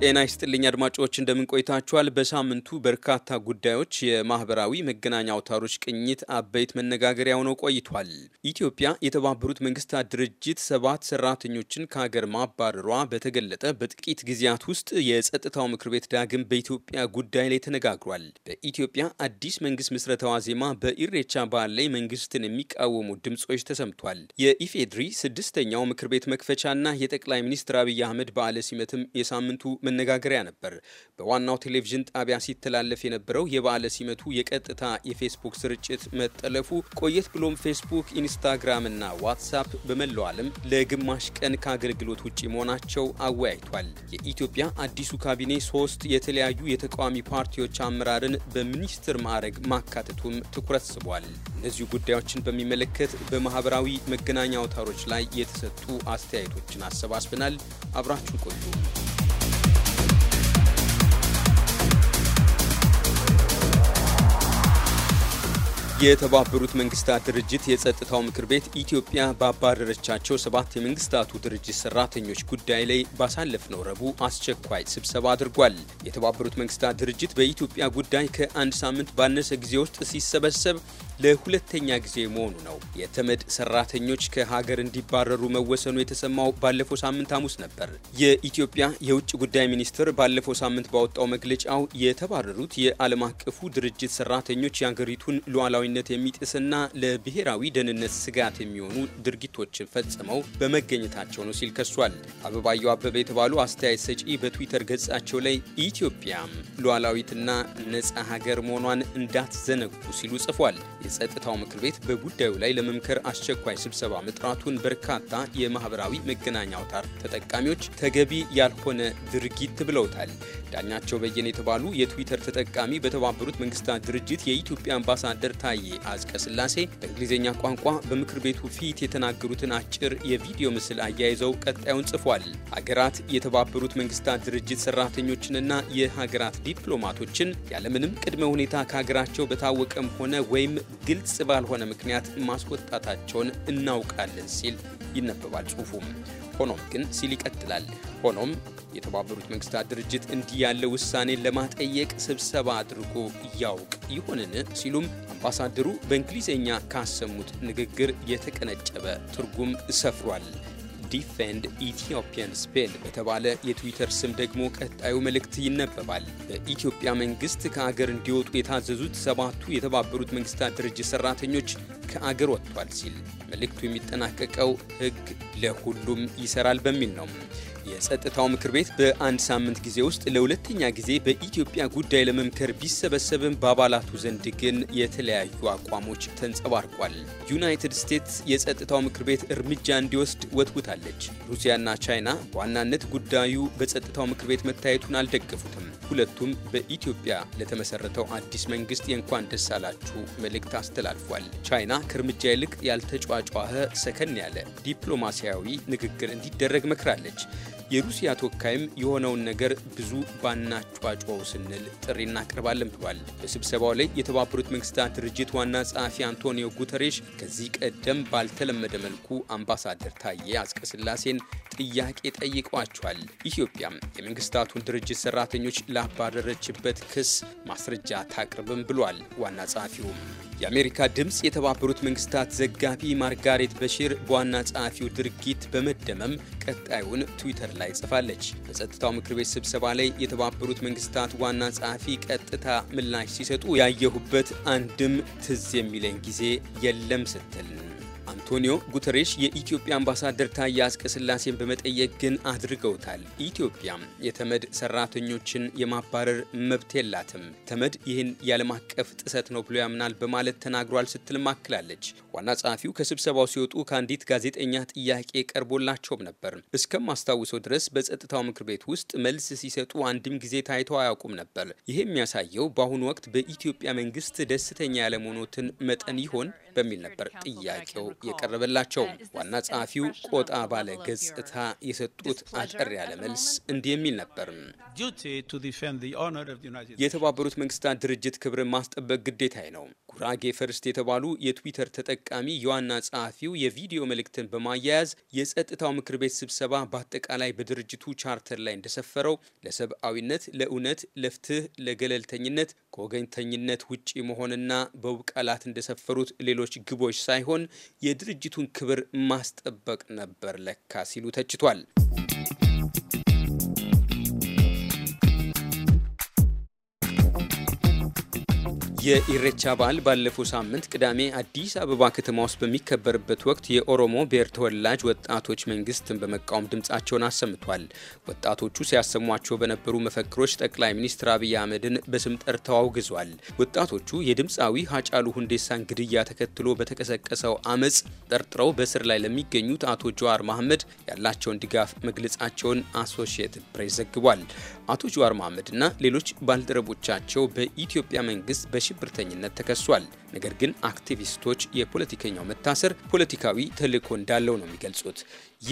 ጤና ይስጥልኝ አድማጮች፣ እንደምን ቆይታችኋል? በሳምንቱ በርካታ ጉዳዮች የማህበራዊ መገናኛ አውታሮች ቅኝት አበይት መነጋገሪያ ሆነው ቆይቷል። ኢትዮጵያ የተባበሩት መንግስታት ድርጅት ሰባት ሰራተኞችን ከሀገር ማባረሯ በተገለጠ በጥቂት ጊዜያት ውስጥ የጸጥታው ምክር ቤት ዳግም በኢትዮጵያ ጉዳይ ላይ ተነጋግሯል። በኢትዮጵያ አዲስ መንግስት ምስረታዋ ዜማ በኢሬቻ በዓል ላይ መንግስትን የሚቃወሙ ድምጾች ተሰምቷል። የኢፌድሪ ስድስተኛው ምክር ቤት መክፈቻና የጠቅላይ ሚኒስትር አብይ አህመድ በዓለ ሲመትም የሳምንቱ መነጋገሪያ ነበር። በዋናው ቴሌቪዥን ጣቢያ ሲተላለፍ የነበረው የበዓለ ሲመቱ የቀጥታ የፌስቡክ ስርጭት መጠለፉ ቆየት ብሎም ፌስቡክ፣ ኢንስታግራም እና ዋትሳፕ በመላው ዓለም ለግማሽ ቀን ከአገልግሎት ውጭ መሆናቸው አወያይቷል። የኢትዮጵያ አዲሱ ካቢኔ ሶስት የተለያዩ የተቃዋሚ ፓርቲዎች አመራርን በሚኒስትር ማዕረግ ማካተቱም ትኩረት ስቧል። እነዚሁ ጉዳዮችን በሚመለከት በማህበራዊ መገናኛ አውታሮች ላይ የተሰጡ አስተያየቶችን አሰባስበናል። አብራችሁ ቆዩ። የተባበሩት መንግስታት ድርጅት የጸጥታው ምክር ቤት ኢትዮጵያ ባባረረቻቸው ሰባት የመንግስታቱ ድርጅት ሰራተኞች ጉዳይ ላይ ባሳለፍነው ረቡዕ አስቸኳይ ስብሰባ አድርጓል። የተባበሩት መንግስታት ድርጅት በኢትዮጵያ ጉዳይ ከአንድ ሳምንት ባነሰ ጊዜ ውስጥ ሲሰበሰብ ለሁለተኛ ጊዜ መሆኑ ነው። የተመድ ሰራተኞች ከሀገር እንዲባረሩ መወሰኑ የተሰማው ባለፈው ሳምንት ሐሙስ ነበር። የኢትዮጵያ የውጭ ጉዳይ ሚኒስትር ባለፈው ሳምንት ባወጣው መግለጫው የተባረሩት የዓለም አቀፉ ድርጅት ሰራተኞች የአገሪቱን ሉዓላዊነት የሚጥስና ለብሔራዊ ደህንነት ስጋት የሚሆኑ ድርጊቶችን ፈጽመው በመገኘታቸው ነው ሲል ከሷል። አበባየው አበበ የተባሉ አስተያየት ሰጪ በትዊተር ገጻቸው ላይ ኢትዮጵያም ሉዓላዊትና ነጻ ሀገር መሆኗን እንዳትዘነጉ ሲሉ ጽፏል። የጸጥታው ምክር ቤት በጉዳዩ ላይ ለመምከር አስቸኳይ ስብሰባ መጥራቱን በርካታ የማህበራዊ መገናኛ አውታር ተጠቃሚዎች ተገቢ ያልሆነ ድርጊት ብለውታል። ዳኛቸው በየነ የተባሉ የትዊተር ተጠቃሚ በተባበሩት መንግስታት ድርጅት የኢትዮጵያ አምባሳደር ታዬ አጽቀ ስላሴ በእንግሊዝኛ ቋንቋ በምክር ቤቱ ፊት የተናገሩትን አጭር የቪዲዮ ምስል አያይዘው ቀጣዩን ጽፏል። ሀገራት የተባበሩት መንግስታት ድርጅት ሰራተኞችንና የሀገራት ዲፕሎማቶችን ያለምንም ቅድመ ሁኔታ ከሀገራቸው በታወቀም ሆነ ወይም ግልጽ ባልሆነ ምክንያት ማስወጣታቸውን እናውቃለን ሲል ይነበባል ጽሁፉ ሆኖም ግን ሲል ይቀጥላል። ሆኖም የተባበሩት መንግስታት ድርጅት እንዲህ ያለ ውሳኔን ለማጠየቅ ስብሰባ አድርጎ ያውቅ ይሆንን ሲሉም አምባሳደሩ በእንግሊዝኛ ካሰሙት ንግግር የተቀነጨበ ትርጉም ሰፍሯል። ዲፌንድ ኢትዮጵያን ስፔን በተባለ የትዊተር ስም ደግሞ ቀጣዩ መልእክት ይነበባል። በኢትዮጵያ መንግስት ከአገር እንዲወጡ የታዘዙት ሰባቱ የተባበሩት መንግስታት ድርጅት ሰራተኞች ከአገር ወጥቷል ሲል መልእክቱ የሚጠናቀቀው ህግ ለሁሉም ይሰራል በሚል ነው። የጸጥታው ምክር ቤት በአንድ ሳምንት ጊዜ ውስጥ ለሁለተኛ ጊዜ በኢትዮጵያ ጉዳይ ለመምከር ቢሰበሰብም በአባላቱ ዘንድ ግን የተለያዩ አቋሞች ተንጸባርቋል። ዩናይትድ ስቴትስ የጸጥታው ምክር ቤት እርምጃ እንዲወስድ ወትውታለች። ሩሲያና ቻይና በዋናነት ጉዳዩ በጸጥታው ምክር ቤት መታየቱን አልደገፉትም። ሁለቱም በኢትዮጵያ ለተመሰረተው አዲስ መንግስት የእንኳን ደስ አላችሁ መልእክት አስተላልፏል። ቻይና ከእርምጃ ይልቅ ያልተጫጫኸ ሰከን ያለ ዲፕሎማሲያዊ ንግግር እንዲደረግ መክራለች። የሩሲያ ተወካይም የሆነውን ነገር ብዙ ባናጫጫው ስንል ጥሪ እናቀርባለን ብሏል። በስብሰባው ላይ የተባበሩት መንግስታት ድርጅት ዋና ጸሐፊ አንቶኒዮ ጉተሬሽ ከዚህ ቀደም ባልተለመደ መልኩ አምባሳደር ታዬ አጽቀሥላሴን ጥያቄ ጠይቀዋቸዋል። ኢትዮጵያም የመንግስታቱን ድርጅት ሰራተኞች ላባረረችበት ክስ ማስረጃ ታቅርብም ብሏል ዋና ጸሐፊውም የአሜሪካ ድምፅ የተባበሩት መንግስታት ዘጋቢ ማርጋሬት በሽር በዋና ጸሐፊው ድርጊት በመደመም ቀጣዩን ትዊተር ላይ ጽፋለች። በጸጥታው ምክር ቤት ስብሰባ ላይ የተባበሩት መንግስታት ዋና ጸሐፊ ቀጥታ ምላሽ ሲሰጡ ያየሁበት አንድም ትዝ የሚለኝ ጊዜ የለም ስትል አንቶኒዮ ጉተሬሽ የኢትዮጵያ አምባሳደር ታዬ አጽቀሥላሴን በመጠየቅ ግን አድርገውታል። ኢትዮጵያ የተመድ ሰራተኞችን የማባረር መብት የላትም፣ ተመድ ይህን የዓለም አቀፍ ጥሰት ነው ብሎ ያምናል በማለት ተናግሯል ስትል ማክላለች። ዋና ጸሐፊው ከስብሰባው ሲወጡ ከአንዲት ጋዜጠኛ ጥያቄ ቀርቦላቸውም ነበር። እስከማስታውሰው ድረስ በጸጥታው ምክር ቤት ውስጥ መልስ ሲሰጡ አንድም ጊዜ ታይተው አያውቁም ነበር። ይህ የሚያሳየው በአሁኑ ወቅት በኢትዮጵያ መንግስት ደስተኛ ያለመሆኖትን መጠን ይሆን? በሚል ነበር ጥያቄው የቀረበላቸው። ዋና ጸሐፊው ቆጣ ባለ ገጽታ የሰጡት አጠር ያለ መልስ እንዲህ የሚል ነበር። የተባበሩት መንግስታት ድርጅት ክብር ማስጠበቅ ግዴታዬ ነው። ጉራጌ ፈርስት የተባሉ የትዊተር ተጠቃሚ የዋና ጸሐፊው የቪዲዮ መልእክትን በማያያዝ የጸጥታው ምክር ቤት ስብሰባ በአጠቃላይ በድርጅቱ ቻርተር ላይ እንደሰፈረው ለሰብአዊነት፣ ለእውነት፣ ለፍትህ፣ ለገለልተኝነት ከወገኝተኝነት ውጪ መሆንና በውብ ቃላት እንደሰፈሩት ሌሎች ሌሎች ግቦች ሳይሆን የድርጅቱን ክብር ማስጠበቅ ነበር ለካ ሲሉ ተችቷል። የኢሬቻ በዓል ባለፈው ሳምንት ቅዳሜ አዲስ አበባ ከተማ ውስጥ በሚከበርበት ወቅት የኦሮሞ ብሔር ተወላጅ ወጣቶች መንግስትን በመቃወም ድምፃቸውን አሰምቷል። ወጣቶቹ ሲያሰሟቸው በነበሩ መፈክሮች ጠቅላይ ሚኒስትር አብይ አህመድን በስም ጠርተው አውግዟል። ወጣቶቹ የድምፃዊ ሀጫሉ ሁንዴሳን ግድያ ተከትሎ በተቀሰቀሰው አመፅ ጠርጥረው በስር ላይ ለሚገኙት አቶ ጀዋር መሐመድ ያላቸውን ድጋፍ መግለጻቸውን አሶሺየትድ ፕሬስ ዘግቧል። አቶ ጀዋር መሐመድና ሌሎች ባልደረቦቻቸው በኢትዮጵያ መንግስት በሽብርተኝነት ተከሷል። ነገር ግን አክቲቪስቶች የፖለቲከኛው መታሰር ፖለቲካዊ ተልእኮ እንዳለው ነው የሚገልጹት።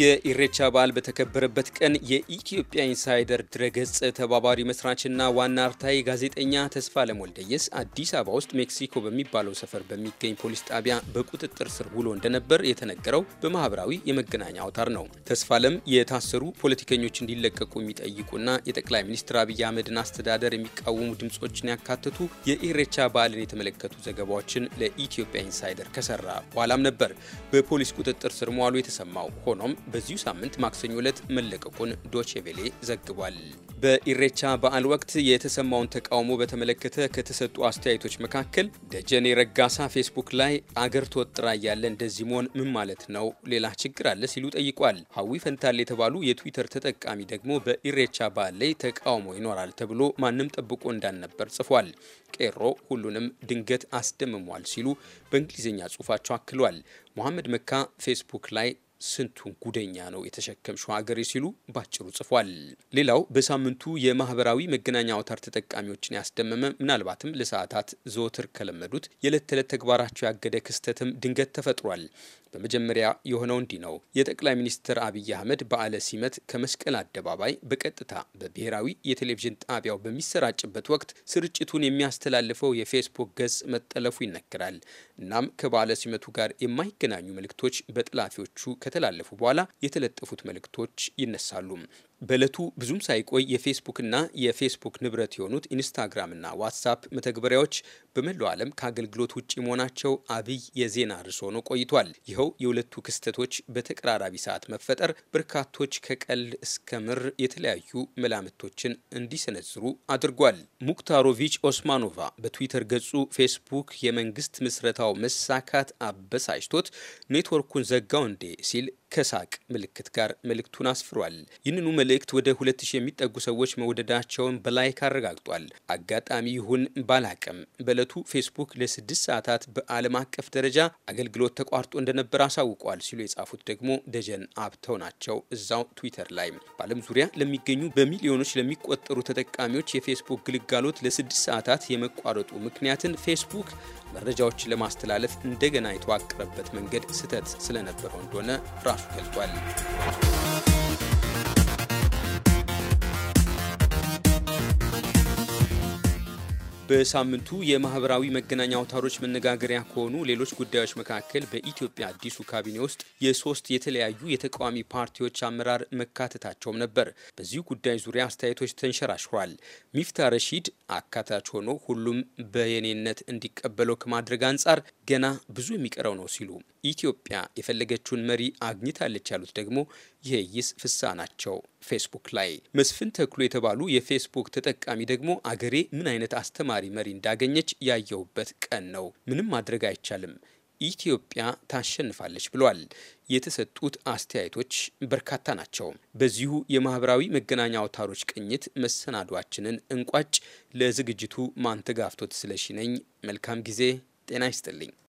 የኢሬቻ በዓል በተከበረበት ቀን የኢትዮጵያ ኢንሳይደር ድረገጽ ተባባሪ መስራችና ዋና አርታይ ጋዜጠኛ ተስፋለም ወልደየስ አዲስ አበባ ውስጥ ሜክሲኮ በሚባለው ሰፈር በሚገኝ ፖሊስ ጣቢያ በቁጥጥር ስር ውሎ እንደነበር የተነገረው በማህበራዊ የመገናኛ አውታር ነው። ተስፋለም የታሰሩ ፖለቲከኞች እንዲለቀቁ የሚጠይቁና የጠቅላይ ሚኒስትር አብይ አህመድን አስተዳደር የሚቃወሙ ድምጾችን ያካተቱ የኢሬቻ በዓልን የተመለከቱ ዘገባዎች መረጃዎችን ለኢትዮጵያ ኢንሳይደር ከሰራ በኋላም ነበር በፖሊስ ቁጥጥር ስር መዋሉ የተሰማው። ሆኖም በዚሁ ሳምንት ማክሰኞ ዕለት መለቀቁን ዶቼቬሌ ዘግቧል። በኢሬቻ በዓል ወቅት የተሰማውን ተቃውሞ በተመለከተ ከተሰጡ አስተያየቶች መካከል ደጀኔ ረጋሳ ፌስቡክ ላይ አገር ተወጥራ እያለ እንደዚህ መሆን ምን ማለት ነው? ሌላ ችግር አለ? ሲሉ ጠይቋል። ሀዊ ፈንታል የተባሉ የትዊተር ተጠቃሚ ደግሞ በኢሬቻ በዓል ላይ ተቃውሞ ይኖራል ተብሎ ማንም ጠብቆ እንዳልነበር ጽፏል። ቄሮ ሁሉንም ድንገት አስደምሞ ታምሟል ሲሉ በእንግሊዝኛ ጽሁፋቸው አክሏል። ሞሐመድ መካ ፌስቡክ ላይ ስንቱን ጉደኛ ነው የተሸከምሽው ሀገሬ ሲሉ ባጭሩ ጽፏል። ሌላው በሳምንቱ የማህበራዊ መገናኛ አውታር ተጠቃሚዎችን ያስደመመ ምናልባትም ለሰዓታት ዘወትር ከለመዱት የዕለት ተዕለት ተግባራቸው ያገደ ክስተትም ድንገት ተፈጥሯል። በመጀመሪያ የሆነው እንዲህ ነው። የጠቅላይ ሚኒስትር አብይ አህመድ በዓለ ሲመት ከመስቀል አደባባይ በቀጥታ በብሔራዊ የቴሌቪዥን ጣቢያው በሚሰራጭበት ወቅት ስርጭቱን የሚያስተላልፈው የፌስቡክ ገጽ መጠለፉ ይነገራል። እናም ከበዓለ ሲመቱ ጋር የማይገናኙ መልእክቶች በጥላፊዎቹ ከተላለፉ በኋላ የተለጠፉት መልእክቶች ይነሳሉ። በዕለቱ ብዙም ሳይቆይ የፌስቡክና የፌስቡክ ንብረት የሆኑት ኢንስታግራምና ዋትሳፕ መተግበሪያዎች በመላው ዓለም ከአገልግሎት ውጭ መሆናቸው አብይ የዜና ርዕስ ሆኖ ቆይቷል። ይኸው የሁለቱ ክስተቶች በተቀራራቢ ሰዓት መፈጠር በርካቶች ከቀልድ እስከ ምር የተለያዩ መላምቶችን እንዲሰነዝሩ አድርጓል። ሙክታሮቪች ኦስማኖቫ በትዊተር ገጹ ፌስቡክ የመንግስት ምስረታው መሳካት አበሳጭቶት ኔትወርኩን ዘጋው እንዴ ሲል ከሳቅ ምልክት ጋር መልእክቱን አስፍሯል። ይህንኑ መልእክት ወደ ሁለት ሺህ የሚጠጉ ሰዎች መውደዳቸውን በላይክ አረጋግጧል። አጋጣሚ ይሁን ባላቅም በእለቱ ፌስቡክ ለስድስት ሰዓታት በዓለም አቀፍ ደረጃ አገልግሎት ተቋርጦ እንደነበር አሳውቋል ሲሉ የጻፉት ደግሞ ደጀን አብተው ናቸው። እዛው ትዊተር ላይ በዓለም ዙሪያ ለሚገኙ በሚሊዮኖች ለሚቆጠሩ ተጠቃሚዎች የፌስቡክ ግልጋሎት ለስድስት ሰዓታት የመቋረጡ ምክንያትን ፌስቡክ መረጃዎችን ለማስተላለፍ እንደገና የተዋቀረበት መንገድ ስህተት ስለነበረው እንደሆነ ራሱ ገልጿል። በሳምንቱ የማህበራዊ መገናኛ አውታሮች መነጋገሪያ ከሆኑ ሌሎች ጉዳዮች መካከል በኢትዮጵያ አዲሱ ካቢኔ ውስጥ የሶስት የተለያዩ የተቃዋሚ ፓርቲዎች አመራር መካተታቸውም ነበር። በዚሁ ጉዳይ ዙሪያ አስተያየቶች ተንሸራሽሯል። ሚፍታ ረሺድ አካታች ሆኖ ሁሉም በየኔነት እንዲቀበለው ከማድረግ አንጻር ገና ብዙ የሚቀረው ነው ሲሉ ኢትዮጵያ የፈለገችውን መሪ አግኝታለች ያሉት ደግሞ የይስ ፍሳ ናቸው። ፌስቡክ ላይ መስፍን ተክሎ የተባሉ የፌስቡክ ተጠቃሚ ደግሞ አገሬ ምን አይነት አስተማሪ መሪ እንዳገኘች ያየሁበት ቀን ነው። ምንም ማድረግ አይቻልም ኢትዮጵያ ታሸንፋለች ብሏል። የተሰጡት አስተያየቶች በርካታ ናቸው። በዚሁ የማህበራዊ መገናኛ አውታሮች ቅኝት መሰናዷችንን እንቋጭ። ለዝግጅቱ ማንተጋፍቶት ስለሺ ነኝ። መልካም ጊዜ። ጤና ይስጥልኝ።